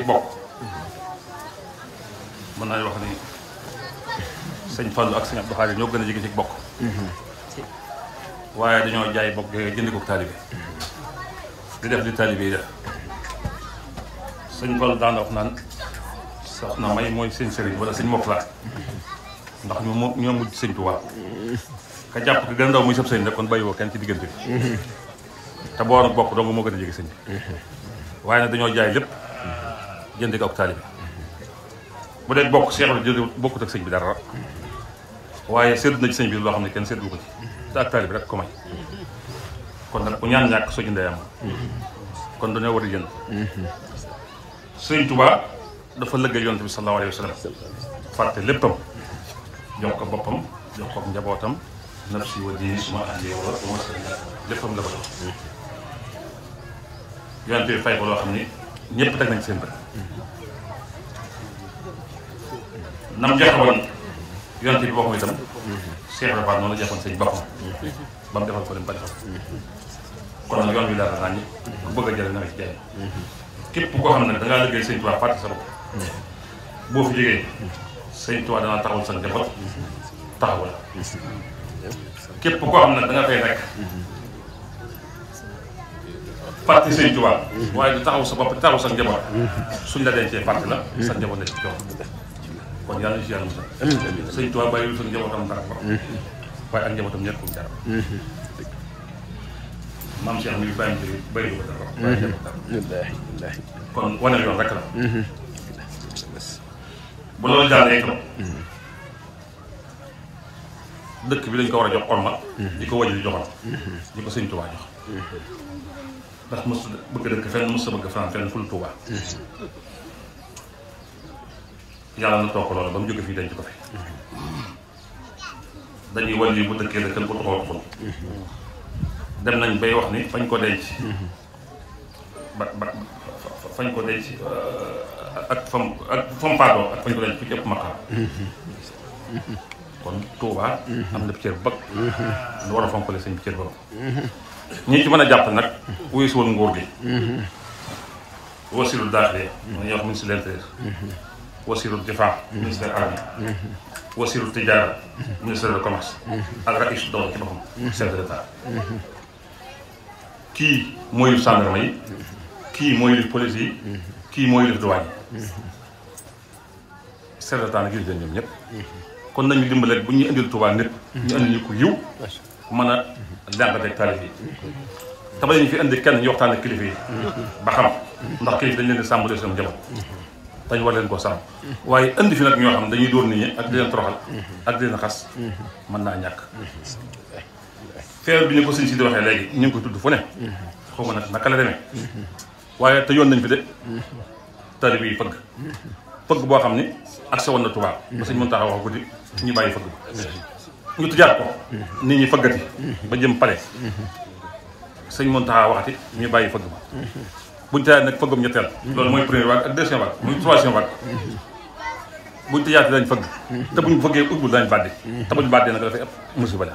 suñu bopp mën naa wax ni sëñ Fallou ak sëñ Abdou Khadir ñoo gën a jege ci bokk waaye dañoo jaay bokk jënd ko taalibe di def di taalibe yi def sëñ Fallou daan wax naan sax may mooy sëñ sëriñ wala sëñ mokla ndax ñu moo ñoo mujj sëñ Tuubaa ka jàpp ko gën a ndaw muy sab sëñ rek kon bàyyi woo kenn ci diggante bi te boo bokk dong moo gën a jege sëñ waaye nag dañoo jaay lépp jënd ko ak taalibe bu dee bokk seex bi jënd bokkut ak sëñ bi dara waaye sédd na ci sëñ bi loo xam ne kenn séddu ko ci te ak taalibe rek ko may kon nag ku ñaan ñàkk soo jëndee am kon dañoo war a jënd sëñ Tuubaa dafa lëggal yonent bi sallallahu alayhi wa sallam fàtte léppam jox ko boppam ko njabootam nafsi wa diini léppam la ko jox yonent fay ko loo xam ni ñëpp teg nañ seen bët nam joxe woon yonent bi boppam itam Cheikh Ibra Fall noonu la joxoon sëñ boppam ba mu defal ko dem ba defal kon nag yoon bi daal naa ñi ku bëgg a jëlee na nga ci képp koo xam ne dangaa liggéey sëñ Tuubaa fàtte sa bopp boo fi jógee sëñ Tuubaa danaa taxawul sa njaboot taxawul képp koo xam ne danga fay nekk fàtte Sëriñ Tuubaa waaye du taxaw sa bopp du taxaw sa njaboot suñ la dencee fàtte la sa njaboot la ci jox kon yàlla si yàlla musal Sëriñ waaye ak njabootam ñett kuñ dara maam Cheikh mi bàyyi ji ko dara waaye njabootam dara kon wane mhm. dëkk bi dañ ko war a jox orma mhm. di ko waju di joxal mhm. di ndax mos bëgg dëkk fenn mos a bëgg fanaan fenn ful Tuuba yàlla na toog ko loolu ba mu jóge fii denc ko fi dañuy wàll yi bu dëkkee dëkkal nañ bay wax ni fañ ko denc ba ba ko denc uh, ak fam ak kon Tuuba am na cër bëgg lu war a fonkale sëñ bi cër borom ñi ci mën a jàpp nag wuyu si woon nguur gi wasilul daaxle mu ñuy wax ministre de l'intérieur difaa ministre de l'armée wasilul tijaara ministre de commerce ak raïs doon ci boppam chef de l'état kii mooy lif gendarme yi kii mooy lif yi kii mooy lif douane de l'état nag yilif leen ñoom ñëpp kon nañu dimbale bu ñuy indil Tuubaa nit ñu indil ñu yiw mën a jàngateeg taalif yi te ñu fi indi kenn ñu waxtaan ak kilifa yi ba xam ndax kilifa dañ leen di sàmm leen seen njaboot dañ war leen waaye indi fi nag ñoo xam dañuy dóor nit ñi ak di leen toroxal ak di xas mën naa ñàkk feebar bi ñu ko sëñ si di waxee léegi ñu ngi ko tudd fu ne ma nag naka waaye te yoon nañ fi de taalib yi fëgg fëgg boo xam ni ak sa woon na tubaab ba sëñ mën taxaw wax guddi ñu bàyyi fëgg ñu tëjaat ko nit ñi fëggati ba jëm pale sëñ Mountakha waxati ñu bàyyi fëgg ba buñu tëjaat nag fëggum ñetteel loolu mooy première vague ak deuxième vague muy troisième vague buñu tëjaatee dañ fëgg te buñu fëggee utbul daañ bàdde te buñu bàddee nag dafay ëpp la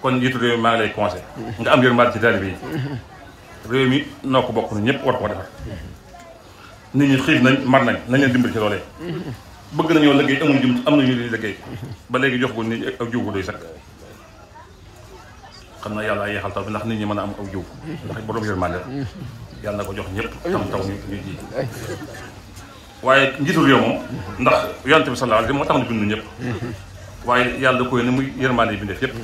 kon njiitu réew mi maa ngi lay conseil nga am yërmande réew mi noo ko bokk na ñëpp war koo defar nit ñi xiif nañ mar nañ nañ leen dimbali ci loolee bëgg nañoo liggéey amuñ jum am nañu liggéey ba léegi jox ko nit ak jiw bu doy sakk xam na yàlla yeexal taw bi ñi mën a am aw jiw ndax borom yërmande yàlla na ko jox ñëpp tam taw ñu ñu ji waaye njiitul réew moom ndax yonent bi sallallahu alayhi moo tax na bindu ñëpp waaye yàlla da ko yónni muy yërmande yi bi def yëpp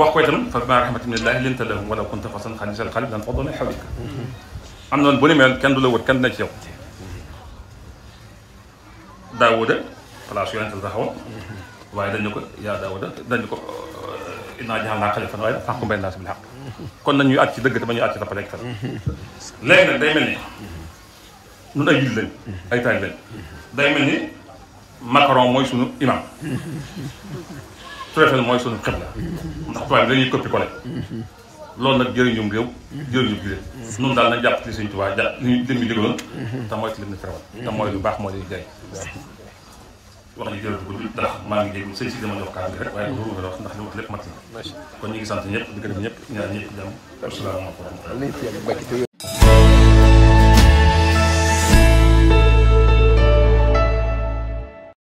wax ko itam fa bimaa rahmatin minallaahi linta lahum walaw kunta fazzan galiizal qalbi lan faddu min hawlik am noonu bu ni mel kenn du la wër kenn du nekk yow daawuda place yonente la taxawoon waaye ko yaa daawuda ko euh, innaa jaxalnaa xalifatan waaye fahkum bayna naas bil kon nañuy ci dëgg te ba ñuy at ci tappale ak fen léegi nag day mel ni nun ay jullit lañ ay taali lañ ni Macron mooy sunu imam Tour Eiffel mooy sunu xibla ndax tubaab bi dañuy copie loolu nag jëriñum réew jëriñum jullit noonu daal nañ jàpp ci Sëñ Tuubaa jàpp li ñu digaloon te mooy ci lim ñu teral te mooy lu baax mooy li jëriñ wax ji jërëjëf gudd ndax maa ngi déglu sëñ si dama jox kàddu gi rek waaye loolu nga wax ndax li wax lépp mat na kon ñu ngi sant ñëpp di gërëm ñëpp ñaan ñëpp jàmm asalaamaaleykum